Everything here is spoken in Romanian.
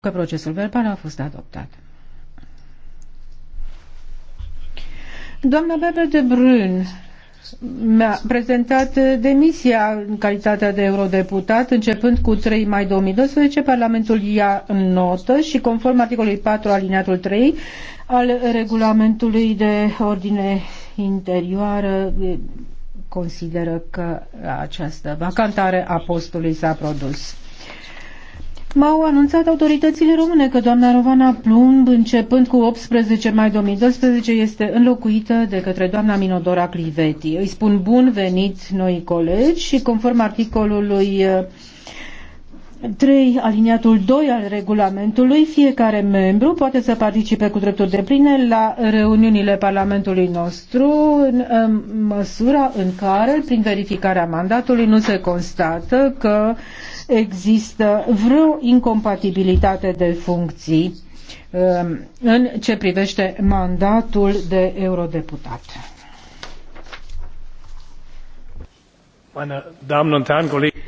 că procesul verbal a fost adoptat. Doamna Bebe de Brun mi-a prezentat demisia în calitatea de eurodeputat începând cu 3 mai 2012. Parlamentul ia în notă și conform articolului 4 alineatul 3 al regulamentului de ordine interioară consideră că această vacantare a postului s-a produs m-au anunțat autoritățile române că doamna Rovana Plumb, începând cu 18 mai 2012, este înlocuită de către doamna Minodora Cliveti. Îi spun bun venit noi colegi și conform articolului 3, aliniatul 2 al regulamentului, fiecare membru poate să participe cu drepturi de pline la reuniunile Parlamentului nostru în, în măsura în care, prin verificarea mandatului, nu se constată că există vreo incompatibilitate de funcții um, în ce privește mandatul de eurodeputat. Meine Damen und Herren, Kollegen.